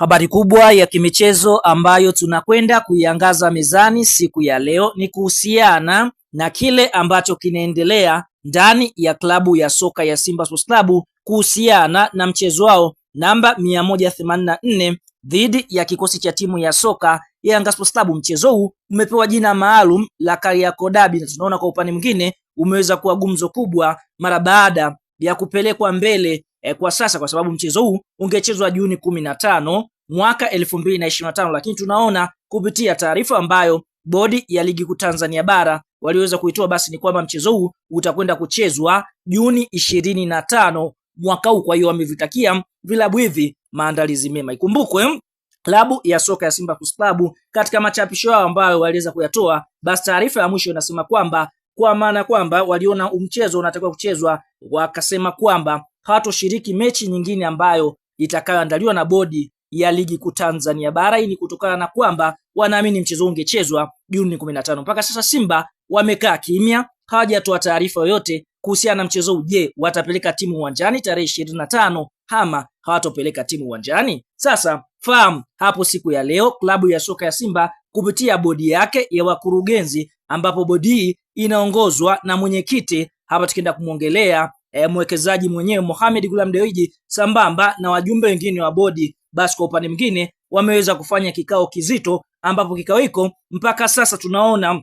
Habari kubwa ya kimichezo ambayo tunakwenda kuiangaza mezani siku ya leo ni kuhusiana na kile ambacho kinaendelea ndani ya klabu ya soka ya Simba Sports Club kuhusiana na mchezo wao namba 184 dhidi ya kikosi cha timu ya soka ya Yanga Sports Club. Mchezo huu umepewa jina maalum la Kariakoo Derby, na tunaona kwa upande mwingine umeweza kuwa gumzo kubwa mara baada ya kupelekwa mbele e, kwa sasa kwa sababu mchezo huu ungechezwa Juni 15 mwaka 2025, lakini tunaona kupitia taarifa ambayo bodi ya ligi kuu Tanzania bara waliweza kuitoa basi ni kwamba mchezo huu utakwenda kuchezwa Juni 25 mwaka huu. Kwa hiyo wamevitakia vilabu hivi maandalizi mema. Ikumbukwe klabu ya soka ya Simba Sports Club katika machapisho yao ambayo waliweza kuyatoa, basi taarifa ya mwisho inasema kwamba kwa maana kwamba waliona mchezo unatakiwa kuchezwa, wakasema kwamba hatoshiriki mechi nyingine ambayo itakayoandaliwa na bodi ya ligi kuu Tanzania bara. Hii ni kutokana na kwamba wanaamini mchezo ungechezwa Juni 15. Mpaka sasa Simba wamekaa kimya, hawajatoa taarifa yoyote kuhusiana na mchezo huu. Je, watapeleka timu uwanjani tarehe 25 ama hawatopeleka timu uwanjani? Sasa fahamu hapo siku ya leo klabu ya soka ya Simba kupitia bodi yake ya wakurugenzi ambapo bodi hii inaongozwa na mwenyekiti hapa tukienda kumwongelea e, mwekezaji mwenyewe Mohamed Gulam Dewji sambamba na wajumbe wengine wa bodi, basi kwa upande mwingine wameweza kufanya kikao kizito, ambapo kikao hiko mpaka sasa tunaona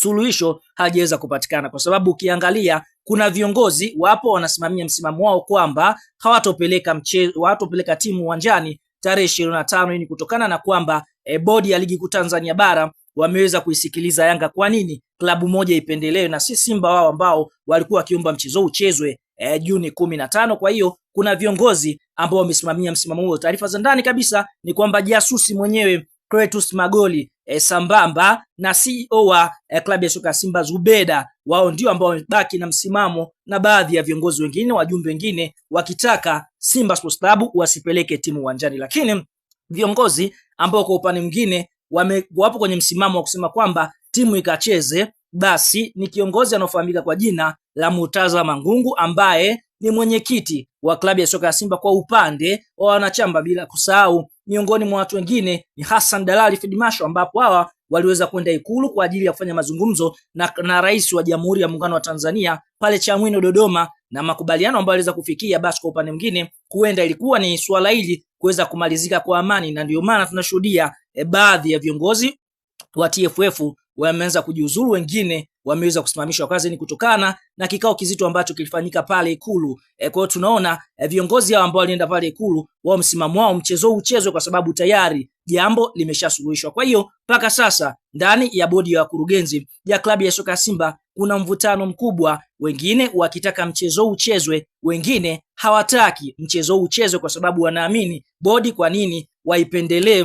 suluhisho hajaweza kupatikana, kwa sababu ukiangalia kuna viongozi wapo wanasimamia msimamo wao kwamba hawatopeleka mchezo, hawatopeleka timu uwanjani tarehe ishirini na tano. Hii ni kutokana na kwamba e, bodi ya ligi kuu Tanzania bara wameweza kuisikiliza Yanga. Kwa nini klabu moja ipendelewe na si Simba wao ambao walikuwa wakiomba mchezo uchezwe eh, Juni kumi na tano. Kwa hiyo kuna viongozi ambao wamesimamia msimamo huo. Taarifa za ndani kabisa ni kwamba jasusi mwenyewe Kretus Magoli e, sambamba na CEO wa e, klabu ya soka Simba Zubeda, wao ndio ambao wamebaki na msimamo, na baadhi ya viongozi wengine, wajumbe wengine wakitaka Simba Sports Club wasipeleke timu uwanjani, lakini viongozi ambao kwa upande mwingine wapo kwenye msimamo wa kusema kwamba timu ikacheze basi ni kiongozi anaofahamika kwa jina la Murtaza Mangungu ambaye ni mwenyekiti wa klabu ya soka ya Simba kwa upande wa wanachama, bila kusahau miongoni mwa watu wengine ni Hassan Dalali Fidmasho, ambapo hawa waliweza kwenda Ikulu kwa ajili ya kufanya mazungumzo na, na rais wa Jamhuri ya Muungano wa Tanzania pale Chamwino, Dodoma, na makubaliano ambayo aliweza kufikia, basi kwa upande mwingine huenda ilikuwa ni suala hili kuweza kumalizika kwa amani, na ndio maana tunashuhudia e, baadhi ya viongozi wa TFF wameanza kujiuzulu, wengine wameweza kusimamishwa ni kutokana na kikao kizito ambacho kilifanyika pale Ikulu. E, kwa hiyo tunaona e, viongozi hao ambao walienda pale Ikulu, wao msimamo wao mchezo uchezwe, kwa sababu tayari jambo limeshasuluhishwa. Kwa hiyo mpaka sasa ndani ya bodi ya wakurugenzi ya klabu ya soka ya Simba kuna mvutano mkubwa, wengine wakitaka mchezo uchezwe, wengine hawataki mchezo uchezwe, kwa sababu wanaamini bodi, kwa nini waipendelee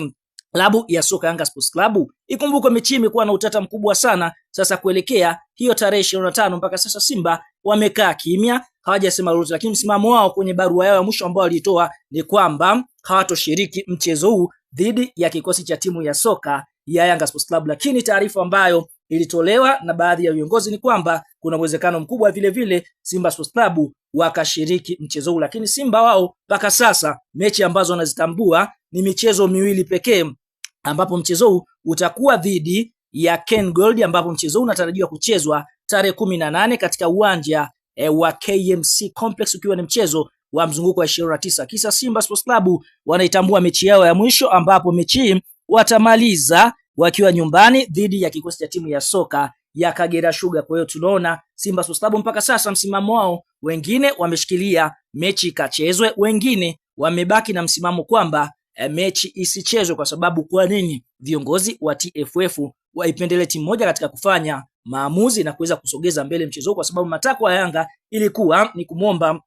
klabu ya soka Yanga Sports Club. Ikumbukwe mechi imekuwa na utata mkubwa sana sasa kuelekea hiyo tarehe 25 na tano. Mpaka sasa Simba wamekaa kimya, hawajasema lolote, lakini msimamo wao kwenye barua yao ya mwisho ambao walitoa ni kwamba hawatoshiriki mchezo huu dhidi ya kikosi cha timu ya soka ya Yanga Sports Club, lakini taarifa ambayo ilitolewa na baadhi ya viongozi ni kwamba kuna uwezekano mkubwa vile vile Simba Sports Club wakashiriki mchezo huu, lakini Simba wao mpaka sasa mechi ambazo wanazitambua ni michezo miwili pekee ambapo mchezo huu utakuwa dhidi ya Ken Gold ambapo mchezo huu unatarajiwa kuchezwa tarehe kumi na nane katika uwanja e, wa KMC Complex ukiwa ni mchezo wa mzunguko wa 29. Kisa Simba Sports Club wanaitambua mechi yao ya mwisho ambapo mechi hii watamaliza wakiwa nyumbani dhidi ya kikosi cha timu ya soka ya Kagera Sugar. Kwa hiyo tunaona Simba Sports Club mpaka sasa msimamo wao, wengine wameshikilia mechi ikachezwe, wengine wamebaki na msimamo kwamba Eh, mechi isichezwe. Kwa sababu kwa nini? Viongozi wa TFF waipendele timu moja katika kufanya maamuzi na kuweza kusogeza mbele mchezo kwa sababu matakwa ya Yanga ilikuwa ni kumwomba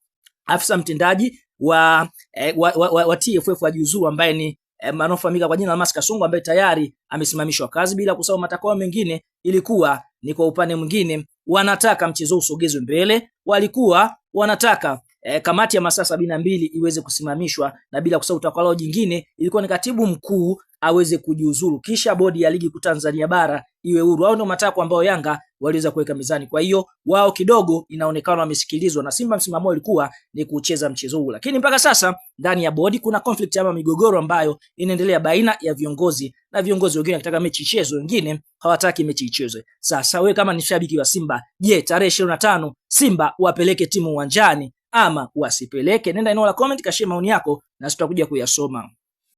afisa mtendaji wa, eh, wa, wa, wa, wa TFF ajiuzuru ambaye ni eh, anaofahamika kwa jina la Masi Kasungu ambaye tayari amesimamishwa kazi, bila kusahau matakwa mengine ilikuwa ni kwa upande mwingine, wanataka mchezo usogezwe mbele, walikuwa wanataka eh, kamati ya masaa sabini na mbili iweze kusimamishwa na bila kusahau utakwalo jingine ilikuwa ni katibu mkuu aweze kujiuzuru, kisha bodi ya ligi kuu Tanzania bara iwe huru. Au ndio matakwa ambayo Yanga waliweza kuweka mezani. Kwa hiyo wao kidogo inaonekana wamesikilizwa na Simba, msimamo ilikuwa ni kucheza mchezo huu, lakini mpaka sasa ndani ya bodi kuna conflict ama migogoro ambayo inaendelea baina ya viongozi na viongozi wengine wakitaka mechi ichezwe, wengine hawataki mechi ichezwe. Sasa wewe kama ni shabiki wa Simba, je, tarehe ishirini na tano Simba wapeleke timu uwanjani ama wasipeleke. Nenda eneo la comment, kashia maoni yako, nasi tutakuja kuyasoma.